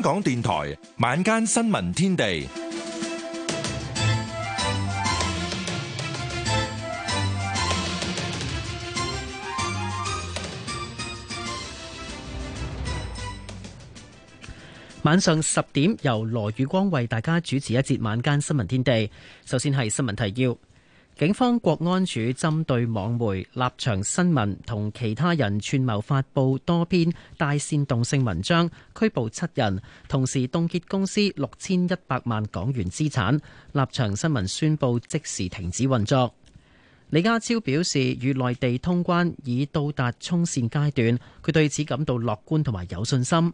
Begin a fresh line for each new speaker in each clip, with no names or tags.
香港電台晚間新
聞天地，
晚上十點由羅宇光為大家主持一節晚間新聞天地。首先係新聞提要。警方國安處針對網媒立場新聞同其他人串謀發佈多篇大煽動性文章，拘捕七人，同時凍結公司六千一百萬港元資產。立場新聞宣佈即時停止運作。李家超表示，與內地通關已到達衝線階段，佢對此感到樂觀同埋有信心。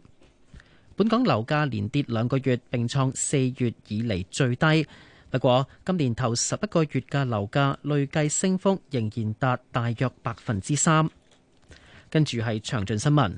本港樓價連跌兩個月，並創四月以嚟最低。不過，今年頭十一個月嘅樓價累計升幅仍然達大約百分之三。跟住係詳盡新聞。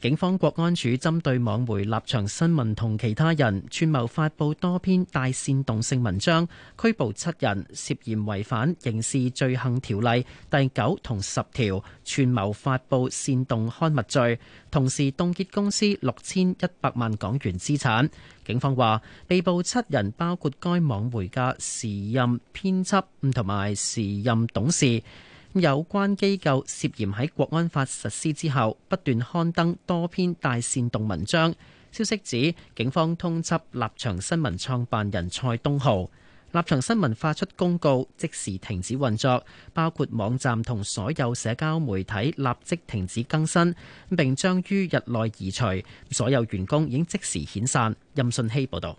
警方國安處針對網媒立場新聞同其他人串謀發佈多篇大煽動性文章，拘捕七人涉嫌違反刑事罪行條例第九同十條串謀發佈煽動刊物罪，同時凍結公司六千一百萬港元資產。警方話被捕七人包括該網媒嘅時任編輯同埋時任董事。有關機構涉嫌喺國安法實施之後不斷刊登多篇大煽動文章。消息指警方通緝立場新聞創辦人蔡東豪，立場新聞發出公告，即時停止運作，包括網站同所有社交媒體立即停止更新，並將於日內移除。所有員工已經即時遣散。任信希報導。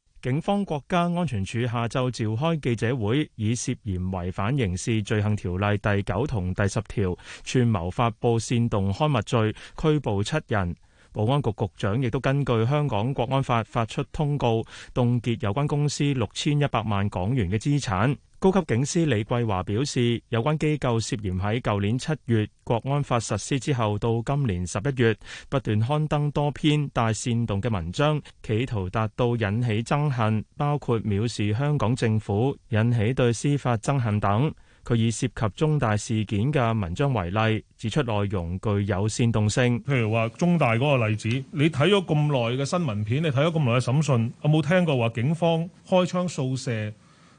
警方國家安全處下晝召開記者會，以涉嫌違反刑事罪行條例第九同第十條，串謀發布煽動刊物罪，拘捕七人。保安局局長亦都根據香港國安法發出通告，凍結有關公司六千一百萬港元嘅資產。高級警司李桂華表示，有關機構涉嫌喺舊年七月國安法實施之後，到今年十一月不斷刊登多篇帶煽動嘅文章，企圖達到引起憎恨，包括藐視香港政府、引起對司法憎恨等。佢以涉及中大事件嘅文章為例，指出內容具有煽動性。譬如話中大嗰個例子，你睇咗咁
耐嘅新聞片，你睇咗咁耐嘅審訊，有冇聽過話警方開槍掃射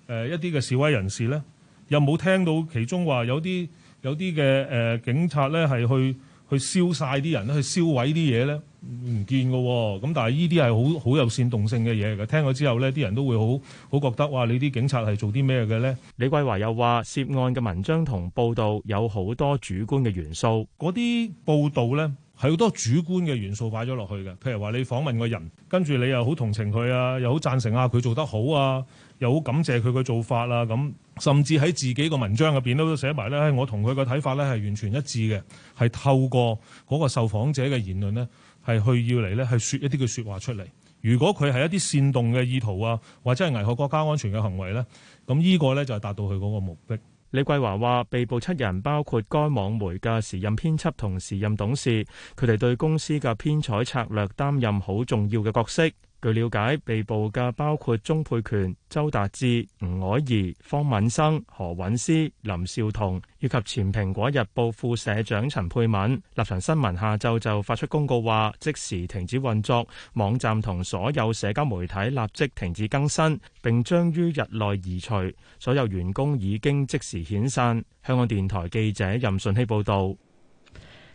誒一啲嘅示威人士咧？有冇聽到其中話有啲有啲嘅誒警察咧，係去？去燒晒啲人去燒毀啲嘢呢？唔見噶喎。咁但係呢啲係好好有煽動性嘅嘢嘅。聽咗之後呢，啲人都會好好覺得，哇！「你啲警察係做啲咩嘅呢？」李桂華又話：涉案嘅文章同報道有好多主觀嘅元素。嗰啲報道呢，係好多主觀嘅元素擺咗落去嘅。譬如話你訪問個人，跟住你又好同情佢啊，又好贊成啊佢做得好啊。有好感謝佢嘅做法啦，咁甚至喺自己個文章入邊都寫埋咧，我同佢嘅睇法咧係完全一致嘅，係透過嗰個受訪者嘅言論呢，係去要嚟呢，係説一啲嘅説話出嚟。如果佢係一啲煽動嘅意圖啊，或者係危害國家安全嘅行為呢，咁呢個呢，就係達到佢嗰個目
的。李桂華話：被捕七人包括該網媒嘅時任編輯同時任董事，佢哋對公司嘅編採策略擔任好重要嘅角色。據了解，被捕嘅包括鍾佩權、周達志、吳凱儀、方敏生、何韻詩、林少彤，以及前《蘋果日報》副社長陳佩敏。立場新聞下晝就發出公告，話即時停止運作，網站同所有社交媒體立即停止更新，並將於日內移除。所有員工已經即時遣散。香港電台記者任順希報導。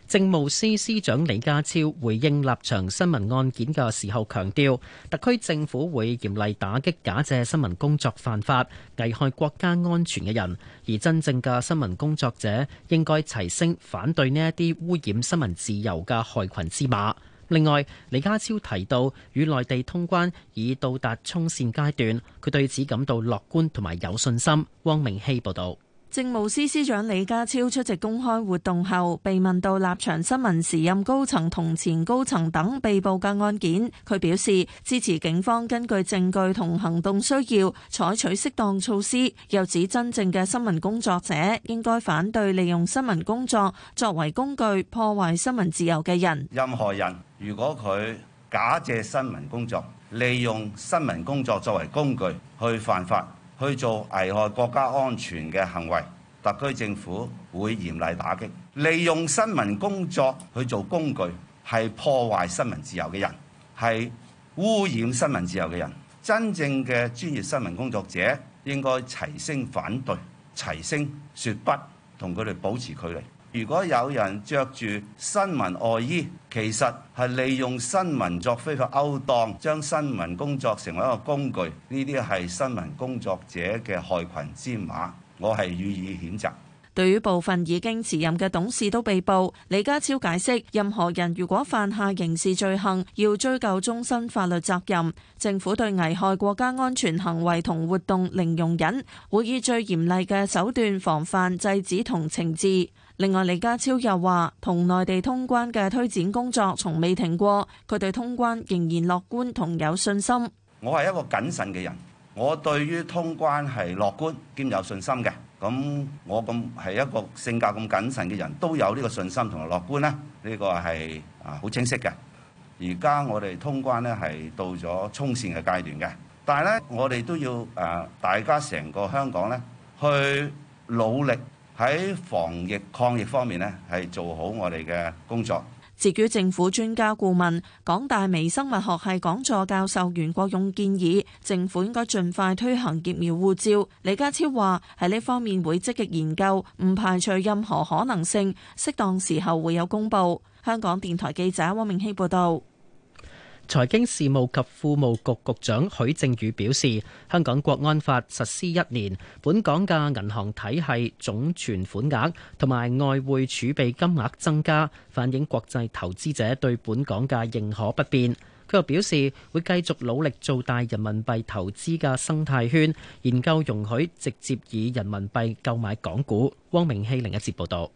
政務司司長李家超回應立場新聞案件嘅時候強調，特區政府會嚴厲打擊假借新聞工作犯法、危害國家安全嘅人，而真正嘅新聞工作者應該齊聲反對呢一啲污染新聞自由嘅害群之馬。另外，李家超提到與內地通關已到達衝線階段，佢對此感到樂觀同埋有信心。汪明熙報道。
政務司司長李家超出席公開活動後，被問到立場新聞時任高層同前高層等被捕嘅案件，佢表示支持警方根據證據同行動需要採取適當措施，又指真正嘅新聞工作者應該反對利用新聞工作作為工具破壞新聞自由嘅人。
任何人如果佢假借新聞工作，利用新聞工作作為工具去犯法。去做危害國家安全嘅行為，特區政府會嚴厲打擊。利用新聞工作去做工具，係破壞新聞自由嘅人，係污染新聞自由嘅人。真正嘅專業新聞工作者應該齊聲反對，齊聲説不，同佢哋保持距離。如果有人着住新聞外衣，其實係利用新聞作非法勾當，將新聞工作成為一個工具，呢啲係新聞工作者嘅害群之馬，我係予以譴責。
對於部分已經辭任嘅董事都被捕，李家超解釋：任何人如果犯下刑事罪行，要追究終身法律責任。政府對危害國家安全行為同活動零容忍，會以最嚴厲嘅手段防範、制止同懲治。另外，李家超又話，同內地通關嘅推展工作從未停過，佢對通關仍然樂觀同有信心。
我係一個謹慎嘅人，我對於通關係樂觀兼有信心嘅。咁我咁係一個性格咁謹慎嘅人，都有呢個信心同埋樂觀咧。呢個係啊好清晰嘅。而家我哋通關呢係到咗衝線嘅階段嘅，但係呢我哋都要啊大家成個香港呢去努力。喺防疫抗疫方面呢係做好我哋嘅工作。
至於政府專家顧問、港大微生物學系講座教授袁國勇建議，政府應該盡快推行疫苗護照。李家超話喺呢方面會積極研究，唔排除任何可能性，適當時候會有公佈。香港電台記者汪明熙報道。
財經事務及庫務局局長許正宇表示，香港國安法實施一年，本港嘅銀行體系總存款額同埋外匯儲備金額增加，反映國際投資者對本港嘅認可不變。佢又表示，會繼續努力做大人民幣投資嘅生態圈，研究容許直接以人民幣購買港股。汪明希另一節報道。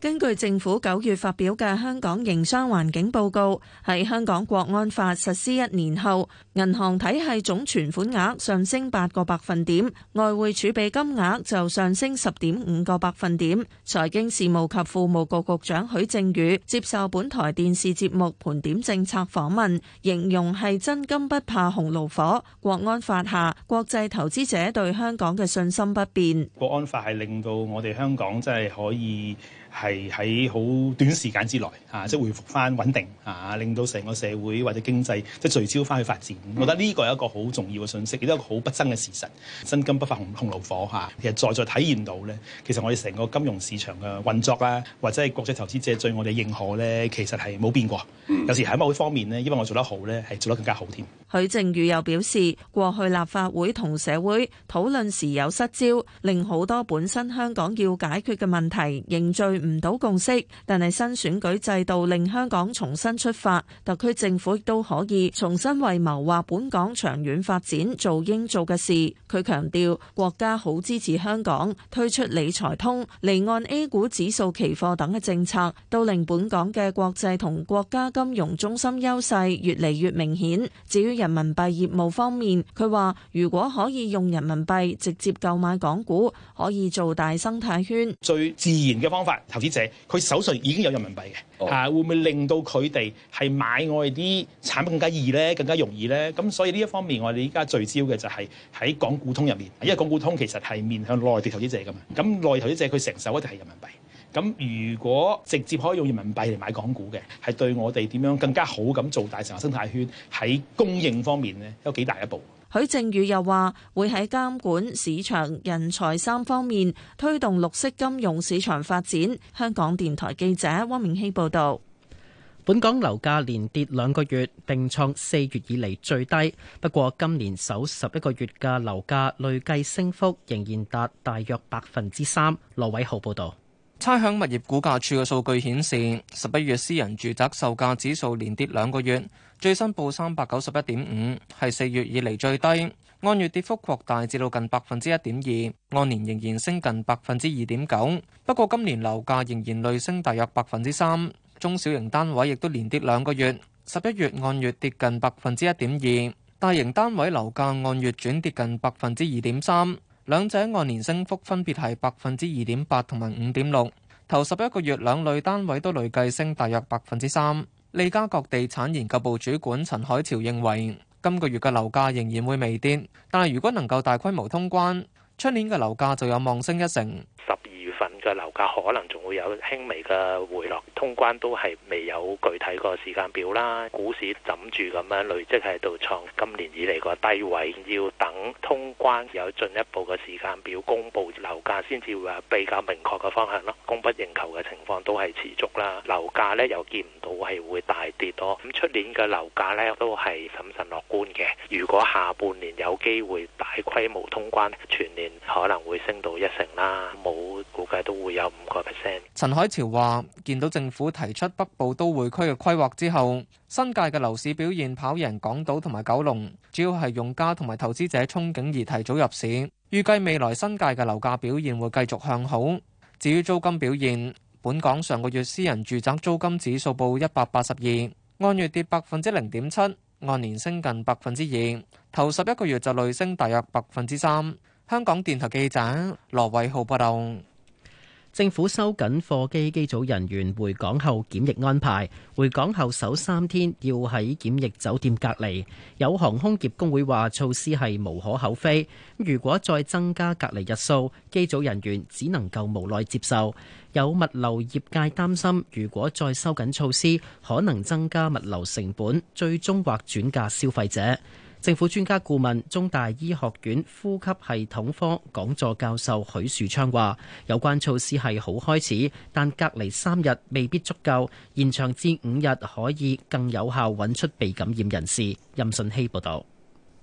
根據政府九月發表嘅《香港營商環境報告》，喺香港國安法實施一年後，銀行體系總存款額上升八個百分點，外匯儲備金額就上升十點五個百分點。財經事務及庫務局局長許正宇接受本台電視節目盤點政策訪問，形容係真金不怕紅爐火，國安法下國際投資者對香港嘅信心不變。
國安法係令到我哋香港真係可以，係喺好短時間之內啊，即係回復翻穩定啊，令到成個社會或者經濟即係聚焦翻去發展，我、嗯、覺得呢個係一個好重要嘅信息，亦都一個好不爭嘅事實。真金不發紅紅爐火嚇、啊，其實再再體現到咧，其實我哋成個金融市場嘅運作啦，或者係國際投資者對我哋認可咧，其實係冇變過。嗯、有時喺某方面呢，因為我做得好咧，係做得更加好添。
許正宇又表示，過去立法會同社會討論時有失招，令好多本身香港要解決嘅問題仍最唔到共識，但係新選舉制度令香港重新出發，特區政府亦都可以重新為謀劃本港長遠發展做應做嘅事。佢強調國家好支持香港推出理財通、離岸 A 股指數期貨等嘅政策，都令本港嘅國際同國家金融中心優勢越嚟越明顯。至於人民幣業務方面，佢話如果可以用人民幣直接購買港股，可以做大生態圈，
最自然嘅方法。投資者佢手上已經有人民幣嘅，嚇、oh. 啊、會唔會令到佢哋係買我哋啲產品更加易呢？更加容易呢？咁所以呢一方面，我哋依家聚焦嘅就係喺港股通入面，因為港股通其實係面向內地投資者㗎嘛。咁內地投資者佢承受一定係人民幣。咁如果直接可以用人民幣嚟買港股嘅，係對我哋點樣更加好咁做大成生態圈喺供應方面呢，有幾大一步？
許正宇又話會喺監管、市場、人才三方面推動綠色金融市場發展。香港電台記者汪明希報導。本港樓
價連跌兩個月，並創四月以嚟最低。不過今年首十一個月嘅樓價累計升幅仍然達大約百分之三。羅偉浩報導。
差餉物業估價處嘅數據顯示，十一月私人住宅售價指數連跌兩個月。最新報三百九十一點五，係四月以嚟最低，按月跌幅擴大至到近百分之一點二，按年仍然升近百分之二點九。不過今年樓價仍然累升大約百分之三，中小型單位亦都連跌兩個月，十一月按月跌近百分之一點二，大型單位樓價按月轉跌近百分之二點三，兩者按年升幅分別係百分之二點八同埋五點六，頭十一個月兩類單位都累計升大約百分之三。利嘉閣地產研究部主管陳海潮認為，今個月嘅樓價仍然會微跌，但係如果能夠大規模通關，出年嘅樓價就有望升一成。
十二月份。個樓價可能仲會有輕微嘅回落，通關都係未有具體個時間表啦。股市枕住咁樣累積喺度創今年以嚟個低位，要等通關有進一步嘅時間表公布，樓價先至會話比較明確嘅方向咯。供不應求嘅情況都係持續啦，樓價呢又見唔到係會大跌咯。咁出年嘅樓價呢都係審慎樂觀嘅。如果下半年有機會大規模通關，全年可能會升到一成啦。冇估計都。會有五個 percent。
陳海潮話：見到政府提出北部都會區嘅規劃之後，新界嘅樓市表現跑贏港島同埋九龍，主要係用家同埋投資者憧憬而提早入市。預計未來新界嘅樓價表現會繼續向好。至於租金表現，本港上個月私人住宅租金指數報一百八十二，按月跌百分之零點七，按年升近百分之二，頭十一個月就累升大約百分之三。香港電
台記者羅偉浩報道。政府收緊貨機機組人員回港後檢疫安排，回港後首三天要喺檢疫酒店隔離。有航空業工會話，措施係無可厚非。如果再增加隔離日數，機組人員只能夠無奈接受。有物流業界擔心，如果再收緊措施，可能增加物流成本，最終或轉嫁消費者。政府專家顧問、中大醫學院呼吸系統科講座教授許樹昌話：有關措施係好開始，但隔離三日未必足夠，延長至五日可以更有效揾出被感染人士。任信希報導。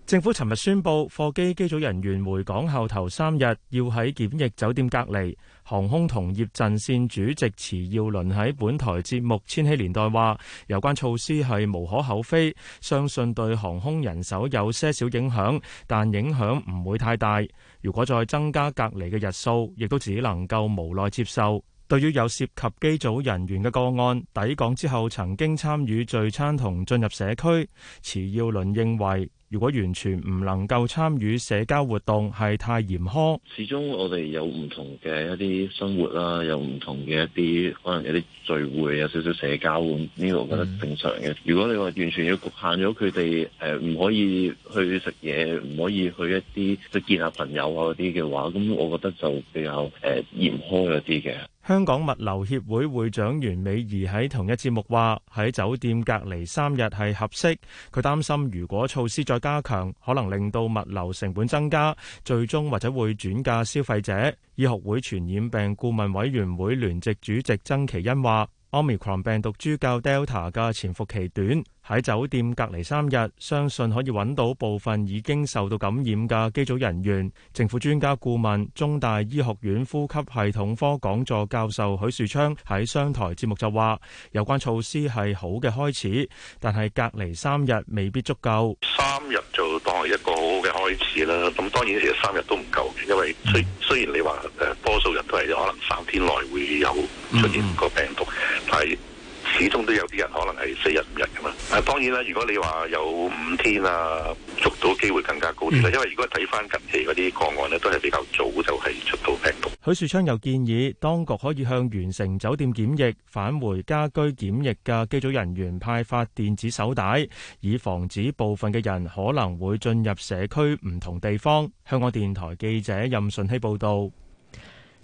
政府尋日宣布，貨機機組人員回港後頭三
日要喺檢疫酒店隔離。航空同業陣線主席池耀倫喺本台節目《千禧年代》話：有關措施係無可厚非，相信對航空人手有些少影響，但影響唔會太大。如果再增加隔離嘅日數，亦都只能夠無奈接受。對於有涉及機組人員嘅個案抵港之後曾經參與聚餐同進入社區，池耀倫認為。如果完全唔能夠參與社交活動，係太嚴苛。
始終我哋有唔同嘅一啲生活啦，有唔同嘅一啲可能有啲聚會，有少少社交咁呢、呢個我覺得正常嘅。如果你話完全要局限咗佢哋誒，唔、呃、可以去食嘢，唔可以去一啲去見下朋友啊嗰啲嘅話，咁我覺得就比較誒、呃、嚴苛一啲嘅。
香港物流協會會長袁美儀喺同一節目話，喺酒店隔離三日係合適，佢擔心如果措施再加強，可能令到物流成本增加，最終或者會轉嫁消費者。醫學會傳染病顧問委員會聯席主席曾祈殷話。Omicron 病毒株較 Delta 嘅潛伏期短，喺酒店隔離三日，相信可以揾到部分已經受到感染嘅機組人員。政府專家顧問、中大醫學院呼吸系統科講座教授許樹昌喺商台節目就話：有關措施係好嘅開始，但係隔離三日未必足夠。三日就當係一個好嘅開始啦。咁當然其實三日都唔夠，因為
雖雖然你話誒多數人都係可能三天內會有出現個病毒。Mm. 係，始終都有啲人可能係四日五日㗎嘛。當然啦，如果你話有五天啊，捉到機會更加高啲、嗯、因為如果睇翻近期嗰啲個案呢都係比較早就係
出到病毒。許樹昌又建議，當局可以向完成酒店檢疫返回家居檢疫嘅機組人員派發電子手帶，以防止部分嘅人可能會進入社區唔同地方。香港電台記者任
順希報導。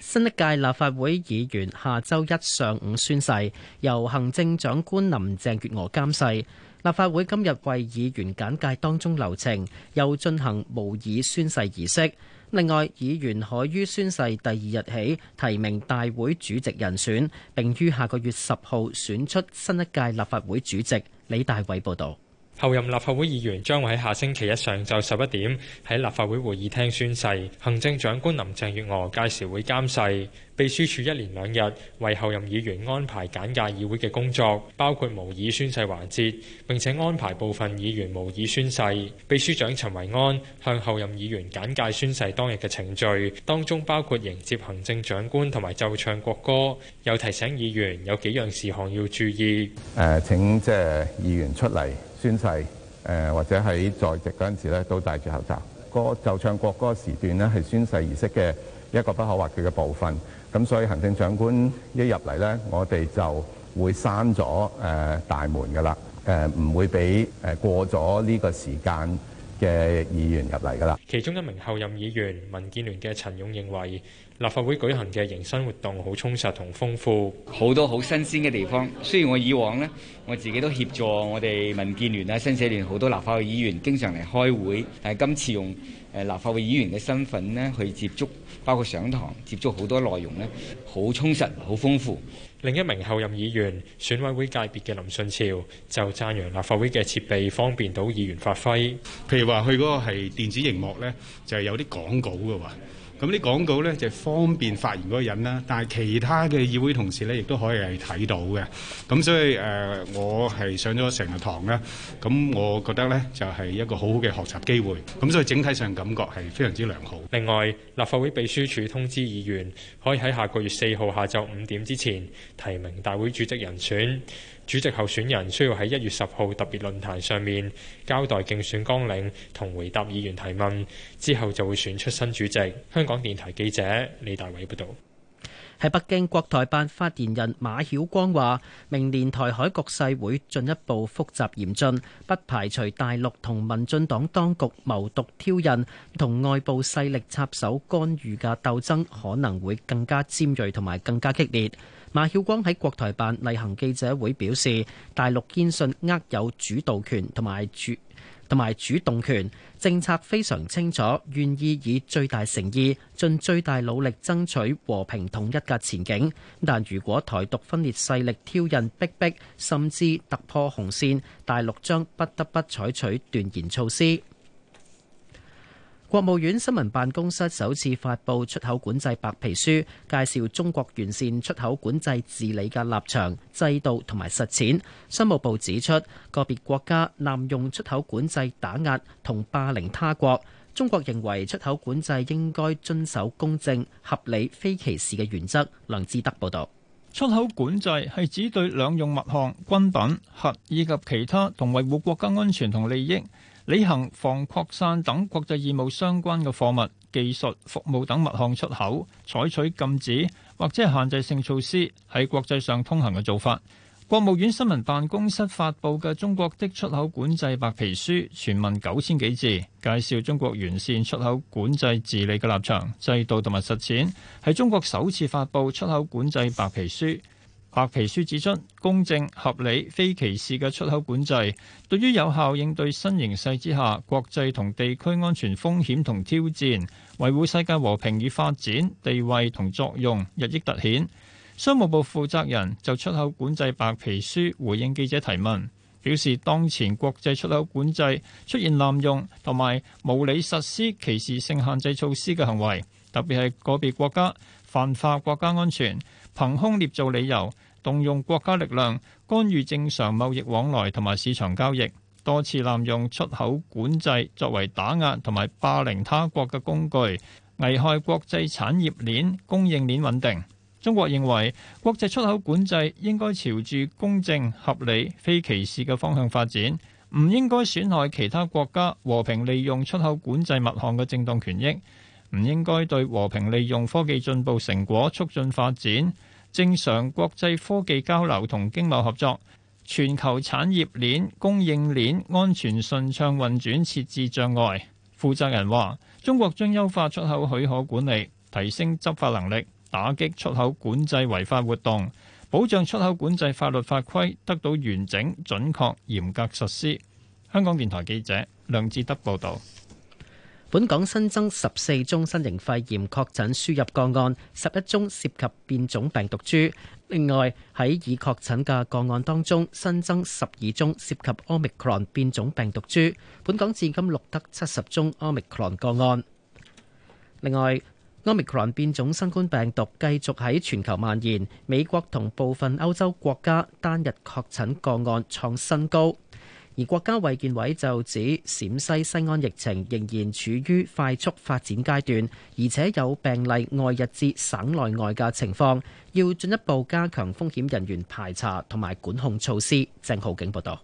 新一屆立法會議員下周一上午宣誓，由行政長官林鄭月娥監誓。立法會今日為議員簡介當中流程，又進行模擬宣誓儀式。另外，議員可於宣誓第二日起提名大會主席人選，并於下個月十號選出新一屆立法會主席。李大偉報道。
候任立法會議員將會喺下星期一上晝十一點喺立法會會議廳宣誓，行政長官林鄭月娥屆時會監誓。秘書處一連兩日為候任議員安排簡介議會嘅工作，包括模擬宣誓環節，並且安排部分議員模擬宣誓。秘書長陳維安向候任議員簡介宣誓當日嘅程序，當中包括迎接行政長官同埋奏唱國歌，又提醒議員有幾樣事項要注意。
誒、呃，請即係議員出嚟宣誓，誒、呃、或者喺在，在席嗰陣時咧，都戴住口罩。歌奏唱國歌時段咧，係宣誓儀式嘅一個不可或缺嘅部分。咁所以行政長官一入嚟咧，我哋就會閂咗誒大門噶啦，誒、呃、唔會俾誒過咗呢個時間嘅議員入嚟噶啦。
其中一名後任議員民建聯嘅陳勇認為立法會舉行嘅迎新活動好充實同豐富，好多好新鮮嘅地方。雖然我以往咧，我自己都協助我哋民建聯啊、新社聯好多立法會議員經常嚟開會，但係今次用誒立法會議員嘅身份咧去接觸。包括上堂接觸好多內容呢，好充實，好豐富。另一名候任議員選委會界別嘅林順潮就讚揚立法會嘅設備方便到議員發揮，譬如話佢嗰個係電子熒幕呢就係、是、有啲講稿嘅話。咁啲廣告呢，就方便發言嗰個人啦，但係其他嘅議會同事呢，亦都可以係睇到嘅。咁所以誒、呃，我係上咗成日堂啦。咁我覺得呢，就係一個好好嘅學習機會。咁所以整體上感覺係非常之良好。另外，立法會秘書處通知議員，可以喺下個月四號下晝五點之前提名大會主席人選。主席候選人需要喺一月十號特別論壇上面交代競選綱領同回答議員提問，之後就會選出新主席。香港電台記者李大偉報導。
喺北京，國台辦發言人馬曉光話：明年台海局勢會進一步複雜嚴峻，不排除大陸同民進黨當局謀獨挑釁同外部勢力插手干預嘅鬥爭可能會更加尖銳同埋更加激烈。馬曉光喺國台辦例行記者會表示，大陸堅信握有主導權同埋主同埋主動權，政策非常清楚，願意以最大誠意盡最大努力爭取和平統一嘅前景。但如果台獨分裂勢力挑釁逼迫迫，甚至突破紅線，大陸將不得不採取斷然措施。國務院新聞辦公室首次發佈出口管制白皮書，介紹中國完善出口管制治理嘅立場、制度同埋實踐。商務部指出，個別國家濫用出口管制打壓同霸凌他國。中國認為出口管制應該遵守公正、合理、非歧視嘅原則。梁志德報道。出口管制係
指對兩用物項、軍品、核以及其他同維護國家安全同利益。履行防擴散等國際義務相關嘅貨物、技術、服務等物項出口，採取禁止或者係限制性措施，係國際上通行嘅做法。國務院新聞辦公室發佈嘅《中國的出口管制白皮書》，全文九千幾字，介紹中國完善出口管制治理嘅立場、制度同埋實踐，係中國首次發佈出口管制白皮書。白皮書指出，公正、合理、非歧視嘅出口管制，對於有效應對新形勢之下國際同地區安全風險同挑戰，維護世界和平與發展地位同作用日益突顯。商務部負責人就出口管制白皮書回應記者提問，表示當前國際出口管制出現濫用同埋無理實施歧視性限制措施嘅行為，特別係個別國家泛化國家安全。憑空捏造理由，動用國家力量干預正常貿易往來同埋市場交易，多次濫用出口管制作為打壓同埋霸凌他國嘅工具，危害國際產業鏈、供應鏈穩定。中國認為，國際出口管制應該朝住公正、合理、非歧視嘅方向發展，唔應該損害其他國家和平利用出口管制物項嘅正當權益。唔應該對和平利用科技進步成果促進發展、正常國際科技交流同經貿合作、全球產業鏈、供應鏈安全順暢運轉設置障礙。負責人話：中國將優化出口許可管理，提升執法能力，打擊出口管制違法活動，保障出口管制法律法規得到完整、準確、嚴格實施。香港電台記者
梁志德報道。本港新增十四宗新型肺炎確診輸入個案，十一宗涉及變種病毒株。另外喺已確診嘅個案當中，新增十二宗涉及 Omicron 變種病毒株。本港至今錄得七十宗 Omicron 個案。另外，Omicron 變種新冠病毒繼續喺全球蔓延，美國同部分歐洲國家單日確診個案創新高。而國家衛健委就指，陝西西安疫情仍然處於快速發展階段，而且有病例外日至省內外嘅情況，要進一步加強風險人員排查同埋管控措施。鄭浩景報道。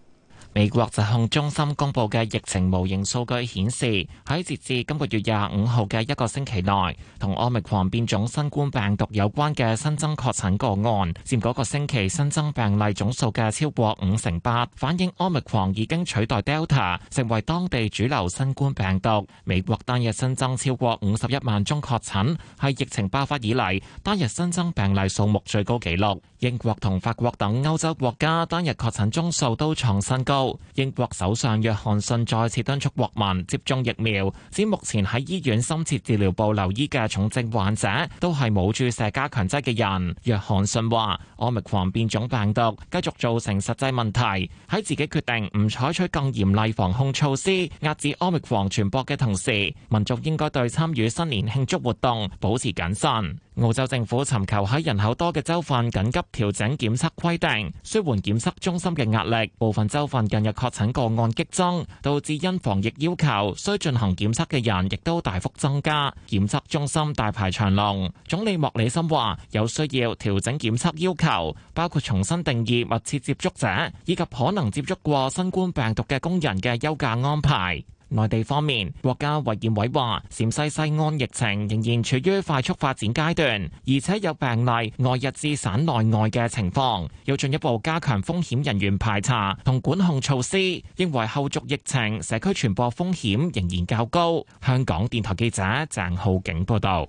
美國疾控中心公布嘅疫
情模型數據顯示，喺截至今個月廿五號嘅一個星期內，同奧密克戎變種新冠病毒有關嘅新增確診個案，佔嗰個星期新增病例總數嘅超過五成八，反映奧密克戎已經取代 Delta 成為當地主流新冠病毒。美國單日新增超過五十一萬宗確診，係疫情爆發以嚟單日新增病例數目最高紀錄。英國同法國等歐洲國家單日確診宗數都創新高。英國首相約翰遜再次敦促國民接種疫苗，指目前喺醫院深切治療部留醫嘅重症患者都係冇注射加強劑嘅人。約翰遜話，奧密克戎變種病毒繼續造成實際問題，喺自己決定唔採取更嚴厲防控措施壓制奧密克戎傳播嘅同時，民族應該對參與新年慶祝活動保持謹慎。澳洲政府尋求喺人口多嘅州份緊急調整檢測規定，舒緩檢測中心嘅壓力。部分州份近日確診個案激增，導致因防疫要求，需進行檢測嘅人亦都大幅增加，檢測中心大排長龍。總理莫里森話：有需要調整檢測要求，包括重新定義密切接觸者，以及可能接觸過新冠病毒嘅工人嘅休假安排。內地方面，國家衛健委話，陝西西安疫情仍然處於快速發展階段，而且有病例外日至省內外嘅情況，要進一步加強風險人員排查同管控措施，認為後續疫情社區傳播風險仍然較高。香港電台記者鄭浩景報道。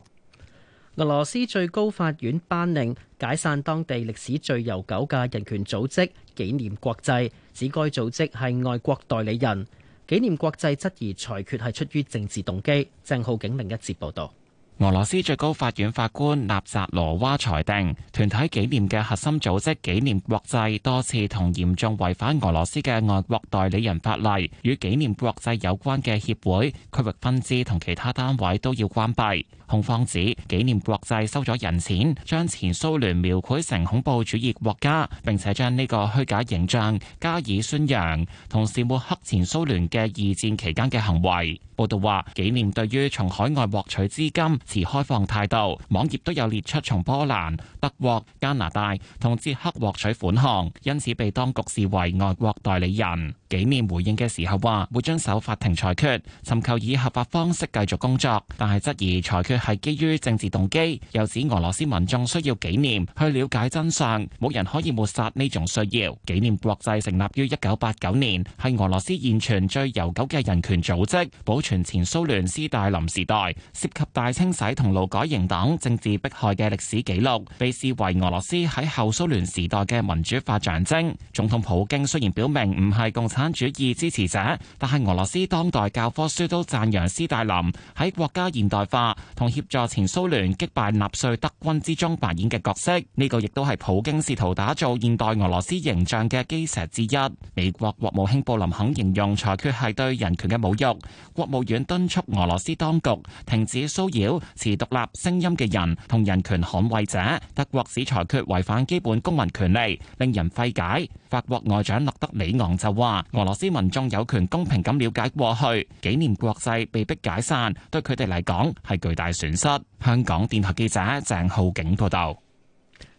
俄羅斯最高法院頒令解散當地歷史最悠久嘅人權組織紀念國際，指該組織係外國代理人。紀念國際質疑裁決係出於政治動機。鄭浩景另一節報道。俄羅斯最
高法院法官納扎羅娃裁定，團體紀念嘅核心組織紀念國際多次同嚴重違反俄羅斯嘅外國代理人法例，與紀念國際有關嘅協會、區域分支同其他單位都要關閉。控方指紀念國際收咗人錢，將前蘇聯描繪成恐怖主義國家，並且將呢個虛假形象加以宣揚，同時抹黑前蘇聯嘅二戰期間嘅行為。報道話，紀念對於從海外獲取資金持開放態度，網頁都有列出從波蘭、德國、加拿大同捷克獲取款項，因此被當局視為外國代理人。紀念回應嘅時候話，會遵守法庭裁決，尋求以合法方式繼續工作，但係質疑裁決係基於政治動機。又指俄羅斯民眾需要紀念去了解真相，冇人可以抹殺呢種需要。紀念國際成立於一九八九年，係俄羅斯現存最悠久嘅人權組織，保存前蘇聯斯大林時代涉及大清洗同勞改營等政治迫害嘅歷史記錄，被視為俄羅斯喺後蘇聯時代嘅民主化象徵。總統普京雖然表明唔係共產產主義支持者，但係俄羅斯當代教科書都讚揚斯大林喺國家現代化同協助前蘇聯擊敗納粹德軍之中扮演嘅角色。呢個亦都係普京試圖打造現代俄羅斯形象嘅基石之一。美國國務卿布林肯形容裁決係對人權嘅侮辱，國務院敦促俄羅斯當局停止騷擾持獨立聲音嘅人同人權捍衛者。德國指裁決違反基本公民權利，令人費解。法國外長勒德里昂就話。俄羅斯民眾有權公平咁了解過去，紀念國際被迫解散，對佢哋嚟講係巨大損失。香港
電台記者鄭浩景報道。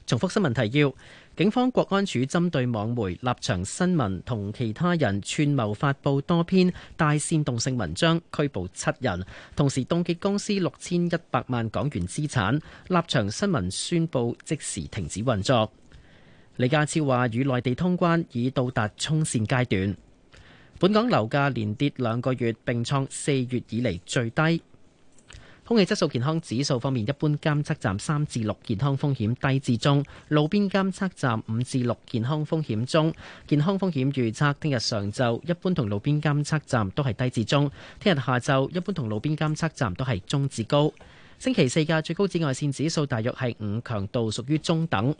重複新聞提要：警方國安處針對網媒立場新聞同其他人串謀發布多篇大煽動性文章，拘捕七人，同時凍結公司六千一百萬港元資產。立場新聞宣布即時停止運作。李家超話，與內地通關已到達衝線階段。本港樓價連跌兩個月，並創四月以嚟最低。空氣質素健康指數方面，一般監測站三至六，健康風險低至中；路邊監測站五至六，健康風險中。健康風險預測，聽日上晝一般同路邊監測站都係低至中；聽日下晝一般同路邊監測站都係中至高。星期四嘅最高紫外線指數大約係五，強度屬於中等。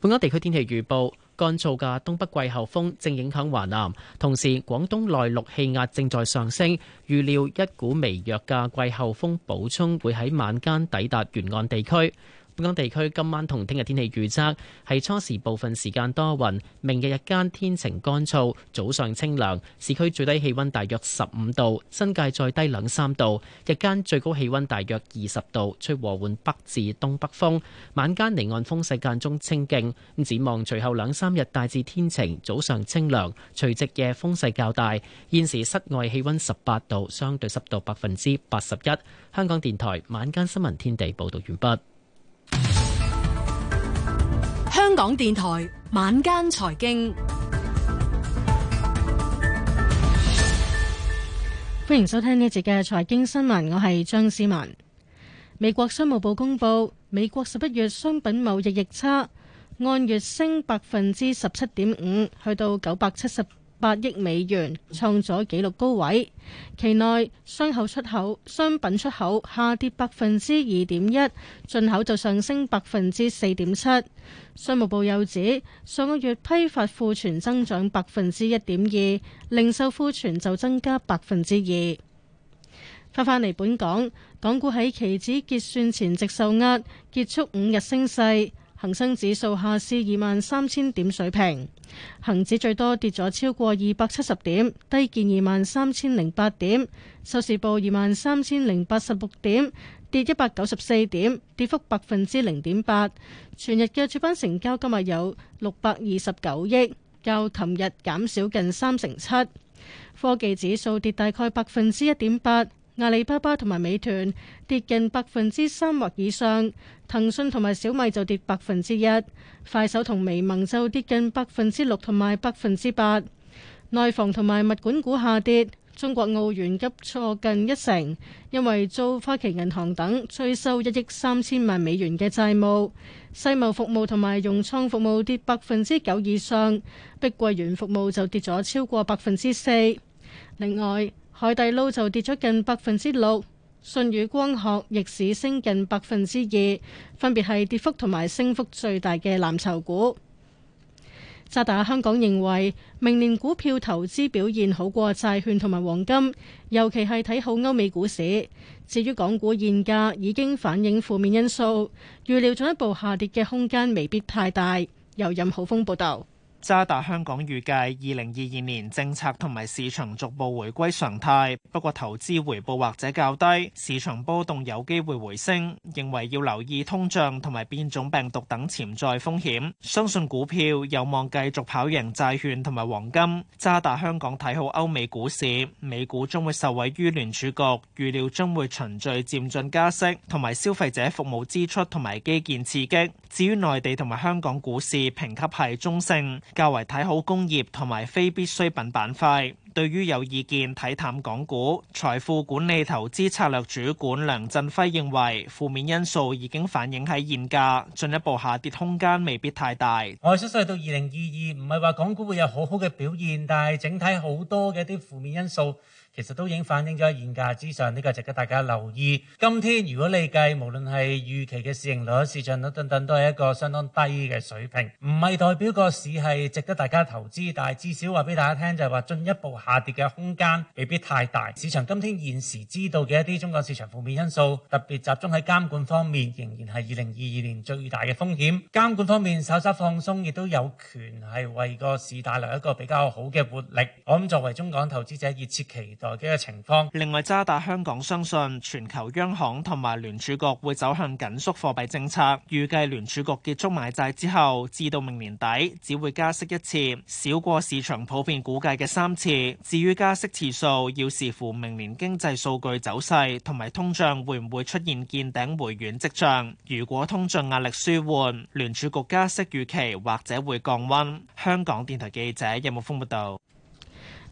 本港地區天氣預報：乾燥嘅東北季候風正影響華南，同時廣東內陸氣壓正在上升，預料一股微弱嘅季候風補充會喺晚間抵達沿岸地區。本港地區今晚同聽日天氣預測係初時部分時間多雲，明日日間天晴乾燥，早上清涼，市區最低氣溫大約十五度，新界再低兩三度，日間最高氣溫大約二十度，吹和緩北至東北風，晚間離岸風勢間中清勁。展望隨後兩三日大致天晴，早上清涼，除夕夜風勢較大。現時室外氣溫十八度，相對濕度百分之八十一。香港電台晚間新聞天地報道完畢。
香港電台晚間財經，歡迎收聽呢節嘅財經新聞，我係張思文。美國商務部公布，美國十一月商品貿易逆差按月升百分之十七點五，去到九百七十。八億美元創咗紀錄高位，期內商口出口、商品出口下跌百分之二點一，進口就上升百分之四點七。商務部又指上個月批發庫存增長百分之一點二，零售庫存就增加百分之二。翻返嚟本港，港股喺期指結算前直受壓，結束五日升勢，恒生指數下試二萬三千點水平。恒指最多跌咗超過二百七十點，低見二萬三千零八點，收市報二萬三千零八十六點，跌一百九十四點，跌幅百分之零點八。全日嘅主板成交金額有六百二十九億，較琴日減少近三成七。科技指數跌大概百分之一點八。阿里巴巴同埋美團跌近百分之三或以上，騰訊同埋小米就跌百分之一，快手同微盟就跌近百分之六同埋百分之八。內房同埋物管股下跌，中國奧園急挫近一成，因為遭花旗銀行等催收一億三千萬美元嘅債務。世茂服務同埋融創服務跌百分之九以上，碧桂園服務就跌咗超過百分之四。另外，海底撈就跌咗近百分之六，舜宇光學逆市升近百分之二，分別係跌幅同埋升幅最大嘅藍籌股。渣打香港認為明年股票投資表現好過債券同埋黃金，尤其係睇好歐美股市。至於港股現價已經反映負面因素，預料進一步下跌嘅空間未必太大。由任浩峰報導。
渣打香港預計二零二二年政策同埋市場逐步回歸常態，不過投資回報或者較低，市場波動有機會回升，認為要留意通脹同埋變種病毒等潛在風險，相信股票有望繼續跑贏債券同埋黃金。渣打香港睇好歐美股市，美股將會受惠於聯儲局，預料將會循序漸進加息，同埋消費者服務支出同埋基建刺激。至於內地同埋香港股市評級係中性。較為睇好工業同埋非必需品板塊。對於有意見睇淡港股，財富管理投資策略主管梁振輝認為，負面因素已經反映喺現價，進一步下跌空間未必太大。
我係相信到二零
二二，唔係話港股會有好好嘅表現，但係整體好多嘅啲負面因素，其實都已經反映咗現價之上，呢個值得大家留意。今天如果你計，無論係預期嘅市盈率、市淨率等等，都係一個相當低嘅水平。唔係代表個市係值得大家投資，但係至少話俾大家聽就係話，進一步下跌嘅空間未必太大。市場今天現時知道嘅一啲中國市場負面因素，特別集中喺監管方面，仍然係二零二二年最大嘅風險。監管方面稍稍放鬆，亦都有權係為個市帶來一個比較好嘅活力。我諗作為中港投資者熱切期待。嘅情
況，另外，渣打香港相信全球央行同埋聯儲局會走向緊縮貨幣政策，預計聯儲局結束買債之後至到明年底只會加息一次，少過市場普遍估計嘅三次。至於加息次數要視乎明年經濟數據走勢同埋通脹會唔會出現見頂回軟跡象。如果通脹壓力舒緩，聯儲局加息預期或者會降溫。香港電台記者任木峯報道。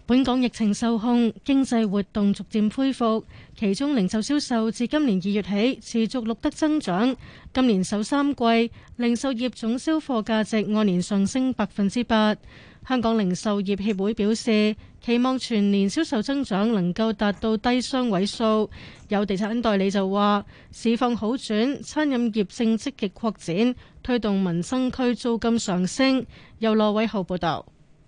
本港疫情受控，經濟活動逐漸恢復，其中零售銷售自今年二月起持續錄得增長。今年首三季，零售業總銷貨價值按年上升百分之八。香港零售業協會表示，期望全年銷售增長能夠達到低雙位數。有地產代理就話，市況好轉，餐飲業正積極擴展，推動民生區租金上升。由羅偉浩報道。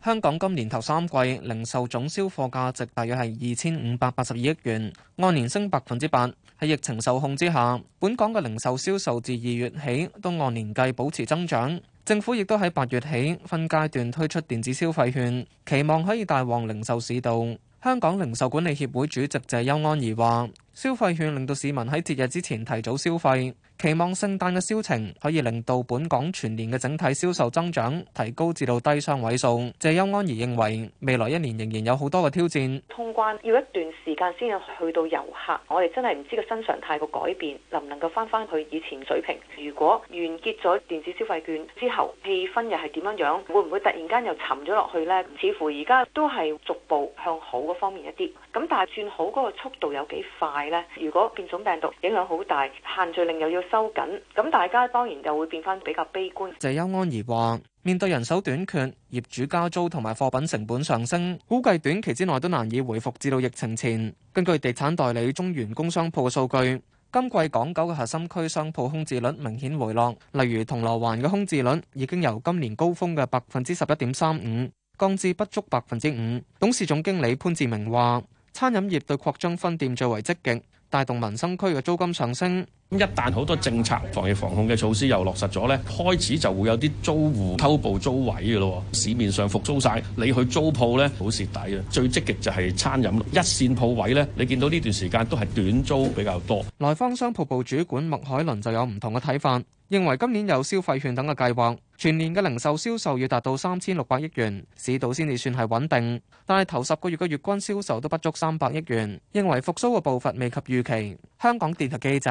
香港今年頭三季零售總銷貨價值大約係二千五百八十二億元，按年升百分之八。喺疫情受控之下，本港嘅零售銷售自二月起都按年計保持增長。政府亦都喺八月起分階段推出電子消費券，期望可以帶旺零售市道。香港零售管理協會主席謝邱安儀話，消費券令到市民喺節日之前提早消費。期望聖誕嘅銷情可以令到本港全年嘅整體銷售增長提高至到低雙位數。謝邱安儀認為未來一年仍然有好多嘅挑戰。通關要一段時間先去到遊客，我哋真係唔知個新常態個改變能唔能夠返返去以前水平。如果完結咗電子消費券之後氣氛又係點樣樣，會唔會突然間又沉咗落去呢？似乎而家都係逐步向好嗰方面一啲。咁但係轉好嗰個速度有幾快呢？如果變種病毒影響好大，限聚令又要收緊咁，大家當然就會變翻比較悲觀。謝邱安怡話：面對人手短缺、業主加租同埋貨品成本上升，估計短期之內都難以回復至到疫情前。根據地產代理中原工商鋪嘅數據，今季港九嘅核心區商鋪空置率明顯回落，例如銅鑼灣嘅空置率已經由今年高峰嘅百分之十一點三五降至不足百分之五。董事總經理潘志明話：餐飲業對擴張分店最為積極，帶動民生區嘅租金上升。一旦好多
政策防疫防控嘅措施又落實咗
呢，開始就會有啲租戶偷步租位嘅
咯。市面上復甦晒，你去租鋪呢好蝕底啊，最積極就係餐飲，一線鋪位呢，你見到呢段時間都係短租比較多。
萊坊商鋪部主管麥海倫就有唔同嘅睇法，認為今年有消費券等嘅計劃，全年嘅零售銷售要達到三千六百億元，市道先至算係穩定。但係頭十個月嘅月均銷售都不足三百億元，認為復甦嘅步伐未及預期。香港電台記者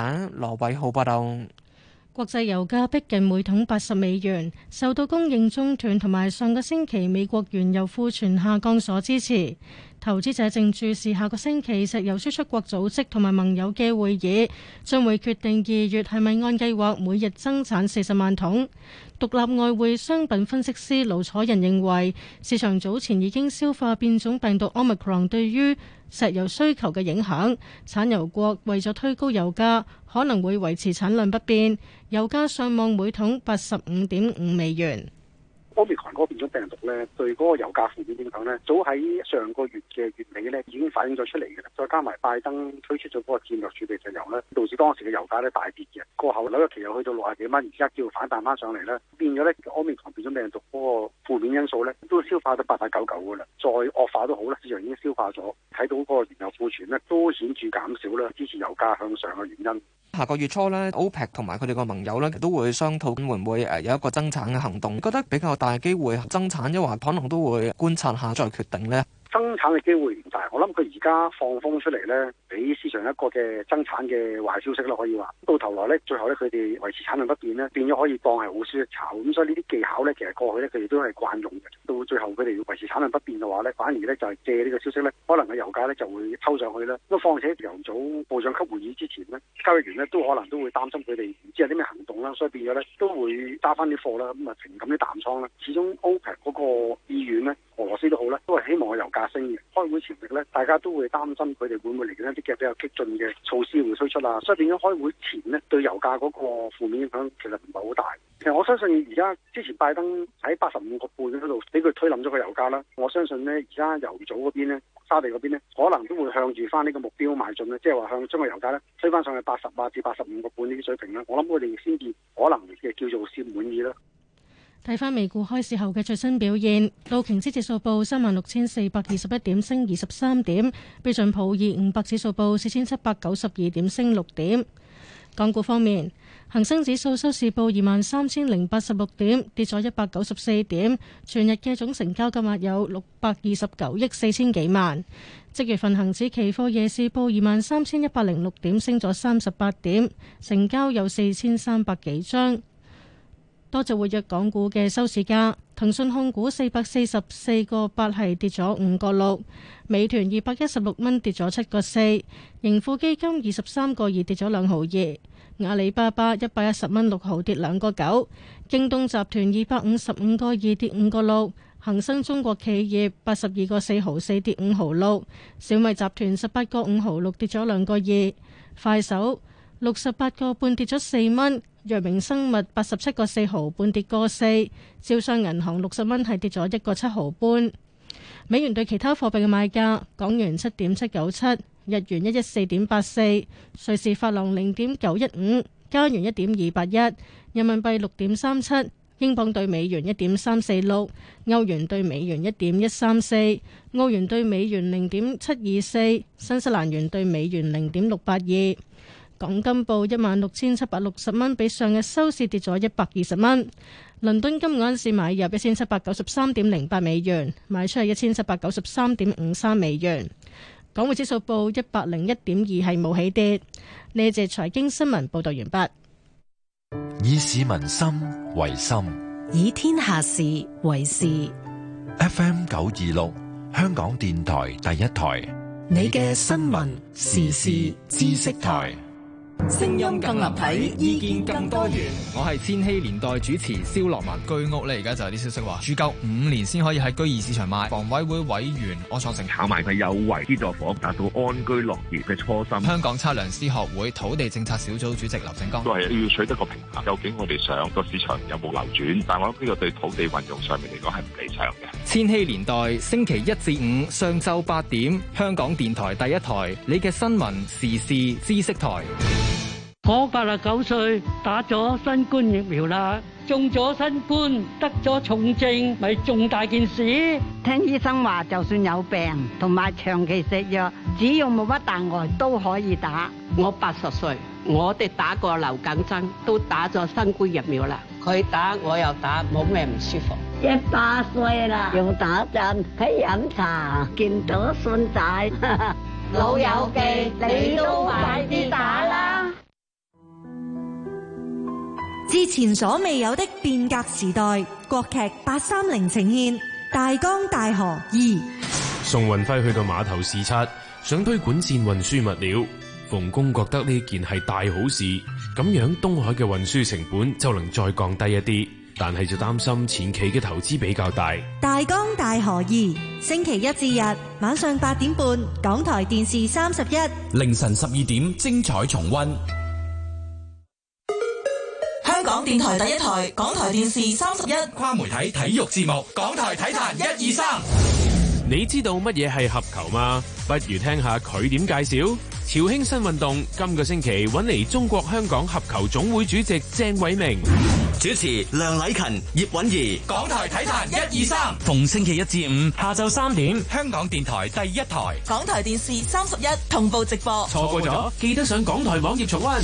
位好波動，
國際油價逼近每桶八十美元，受到供應中斷同埋上個星期美國原油庫存下降所支持。投資者正注視下個星期石油輸出國組織同埋盟友嘅會議，將會決定二月係咪按計劃每日增產四十萬桶。獨立外匯商品分析師盧楚仁認為，市場早前已經消化變種病毒 Omicron 對於石油需求嘅影響，產油國為咗推高油價，可能會維持產量不變，油價上望每桶八十五點五美元。奧密克戎嗰個變
種病毒咧，對嗰個油價負面點講咧，早喺上個月嘅月尾咧已經反映咗出嚟嘅啦。再加埋拜登推出咗嗰個戰略儲備石油咧，導致當時嘅油價咧大跌嘅。過後紐約期又去到六十幾蚊，而家叫反彈翻上嚟咧，變咗咧奧密克戎變種病毒嗰個負面因素咧都消化得八八九九嘅啦。再惡化都好啦，市場已經消化咗，睇到嗰個原油庫存咧都顯著減少啦，支持油價向上嘅原因。
下個月初咧，OPEC 同埋佢哋個盟友咧，都會商討會唔會誒有一個增產嘅行動。覺得比較大機會增產，抑或可能都會觀察下再決定咧。
產嘅機會唔大，我諗佢而家放風出嚟咧，俾市場一個嘅增產嘅壞消息咯，可以話。到頭來咧，最後咧，佢哋維持產量不變咧，變咗可以當係好消息炒。咁、嗯、所以呢啲技巧咧，其實過去咧，佢哋都係慣用嘅。到最後佢哋要維持產量不變嘅話咧，反而咧就係、是、借呢個消息咧，可能嘅油價咧就會抽上去啦。咁況且油組部長級會議之前呢，交易員咧都可能都會擔心佢哋唔知有啲咩行動啦，所以變咗咧都會揸翻啲貨啦，咁啊，平緊啲淡倉啦。始終 OPEC 嗰個意願咧。俄羅斯都好啦，都係希望個油價升嘅。開會前夕咧，大家都會擔心佢哋會唔會嚟緊一啲嘅比較激進嘅措施會推出啊。所以變咗開會前咧，對油價嗰個負面影響其實唔係好大。其實我相信而家之前拜登喺八十五個半嗰度，俾佢推冧咗個油價啦。我相信咧，而家油組嗰邊咧，沙地嗰邊咧，可能都會向住翻呢個目標邁進啦，即係話向將個油價咧推翻上去八十啊至八十五個半呢啲水平啦。我諗佢哋先至可能嘅叫做先滿意啦。
睇翻美股開市後嘅最新表現，道瓊指指數報三萬六千四百二十一點，升二十三點；標準普爾五百指數報四千七百九十二點，升六點。港股方面，恒生指數收市報二萬三千零八十六點，跌咗一百九十四點。全日嘅總成交金額有六百二十九億四千幾萬。即月份恒指期貨夜市報二萬三千一百零六點，升咗三十八點，成交有四千三百幾張。多隻活躍港股嘅收市價，騰訊控股四百四十四個八係跌咗五個六，美團二百一十六蚊跌咗七個四，盈富基金二十三個二跌咗兩毫二，阿里巴巴一百一十蚊六毫跌兩個九，京東集團二百五十五個二跌五個六，恒生中國企業八十二個四毫四跌五毫六，小米集團十八個五毫六跌咗兩個二，快手六十八個半跌咗四蚊。藥明生物八十七個四毫半跌個四，招商銀行六十蚊係跌咗一個七毫半。美元對其他貨幣嘅賣價：港元七點七九七，日元一一四點八四，瑞士法郎零點九一五，加元一點二八一，人民幣六點三七，英鎊對美元一點三四六，歐元對美元一點一三四，澳元對美元零點七二四，新西蘭元對美元零點六八二。港金報一萬六千七百六十蚊，比上日收市跌咗一百二十蚊。倫敦金按市買入一千七百九十三點零八美元，賣出係一千七百九十三點五三美元。港匯指數報一百零一點二，係冇起跌。呢節財經新聞報道完畢。
以市民心為心，以
天下事為事。
F M 九二六，香港電台第一台，你嘅新聞時事知識台。聲音更立體，意
見更多元。我係千禧年代主持蕭樂文。居屋咧，而家就有啲消息話，住夠五年先可以喺居二市場買。房委會委員柯創成
炒埋佢有惠資助房達到
安居樂業嘅初心。香港測量師學會土地政策小組主席劉正剛，都係要
取得個平衡。究竟我哋想個市場有冇流轉？但我諗呢個對土地運用上面嚟講係唔
理想嘅。千禧年代星期一至五上晝八點，香港電台第一台，你嘅新聞時事知識台。
我八十九歲，
打咗新冠疫苗啦，中咗新冠，得咗重症，咪重大件事。聽醫生話，就算有病同埋長期食藥，只要冇乜大礙都可以打。我八十歲，我哋打過流感針，都打咗新冠疫苗啦。佢打，我又打，冇咩唔舒服。一百歲啦，又打針，喺飲茶，見到信仔，老友記，你都快啲打啦！之前所未有的變革時代，國劇八三零呈現《大江大河二》。
宋運輝去到碼頭視察，想推管綫運輸物料。馮工覺得呢件係大好事，咁樣東海嘅運輸成本就能再降低一啲。但係就擔心前期嘅投資比較大。
《大江大河二》星期一至日晚上八點半，港台電視三十一；
凌晨十二點，精彩重溫。
電台第一台，港台電視三十一，跨媒體體育節目，港台體壇一二三。
你知道乜嘢係合球嗎？不如聽下佢點介紹。朝興新運動今、這個星期揾嚟中國香港合球總會主
席鄭偉明主持，梁禮勤、葉允儀，港台體壇一二三。逢星期一至五下晝三點，香港電台第一台，
港台電視三十一同步直播。錯過咗，過記得上
港台網頁重溫。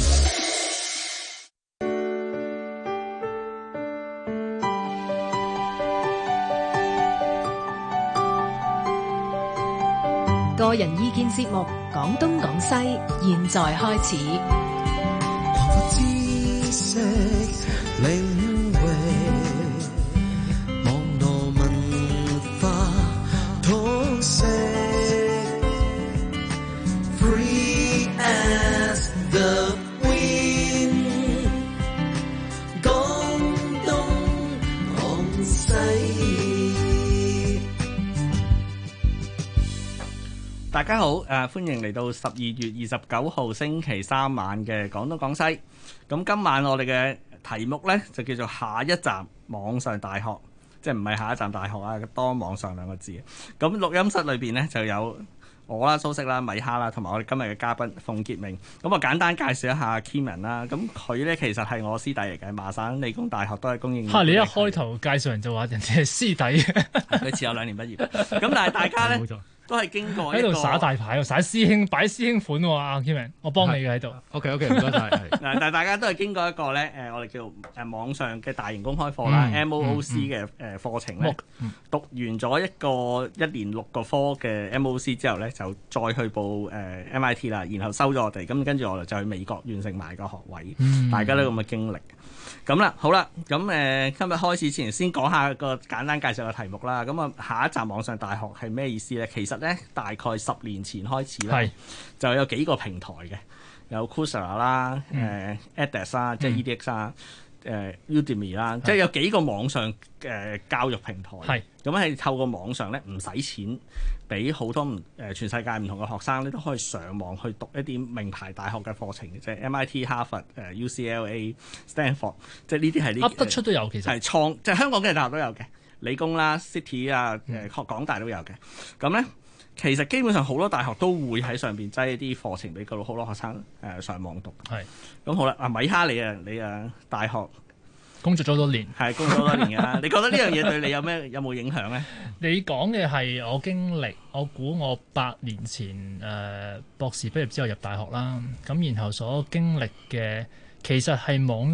個人意見節目《講東講西》，現在開始。
大家好，誒、啊，歡迎嚟到十二月二十九號星期三晚嘅廣東廣西。咁今晚我哋嘅題目呢，就叫做下一站網上大學，即係唔係下一站大學啊，多網上兩個字。咁錄音室裏邊呢，就有我啦、蘇軾啦、米哈啦，同埋我哋今日嘅嘉賓馮杰明。咁啊，簡單介紹一下 Kevin 啦。咁佢呢，其實係我師弟嚟嘅，麻省理工大學都係公認。吓，你一
開頭介紹人就話人哋係師弟，
佢 遲有兩年畢業。咁但係大家呢……都係經過喺度耍大牌，耍師
兄，擺師兄款喎、啊，阿 Kimi 我幫你嘅喺度。OK OK，唔該曬。嗱，
但係大家都係經過一個咧，誒、呃。叫誒網上嘅大型公開課啦、嗯、MOOC 嘅誒課程咧，嗯、讀完咗一個、嗯、一年六個科嘅 MOOC 之後咧，就再去報誒 MIT 啦，然後收咗我哋，咁跟住我哋就去美國完成埋個學位，大家都咁嘅經歷。咁啦、嗯，好啦，咁誒、呃、今日開始前先講下個簡單介紹嘅題目啦。咁啊，下一站網上大學係咩意思咧？其實咧，大概十年前開始咧，是就有幾個平台嘅。有 Coursera 啦、嗯、誒 EdX 啦、uh, emy, 的即係 EdX 啦、誒 Udemy 啦，即係有幾個網上誒教育平台。係咁係透過網上咧，唔使錢，俾好多誒全世界唔同嘅學生咧，都可以上網去讀一啲名牌大學嘅課程嘅啫。MIT、哈佛、誒 UCLA、Stanford，即係呢啲係呢。噏得出都有，其實係創即係香港嘅大學都有嘅，理工啦、City 啊、呃、誒港大都有嘅，咁咧、嗯。嗯其實基本上好多大學都會喺上邊擠一啲課程俾嗰好多學生，誒、呃、上網讀。係咁是好啦，阿米哈你啊，你啊大學工作咗多年，係工作咗多年嘅啦。 你覺得呢樣嘢對你有咩有冇影
響呢？你講嘅係我經歷，我估我八年前誒、呃、博士畢業之後入大學啦，咁然後所經歷嘅其實係網。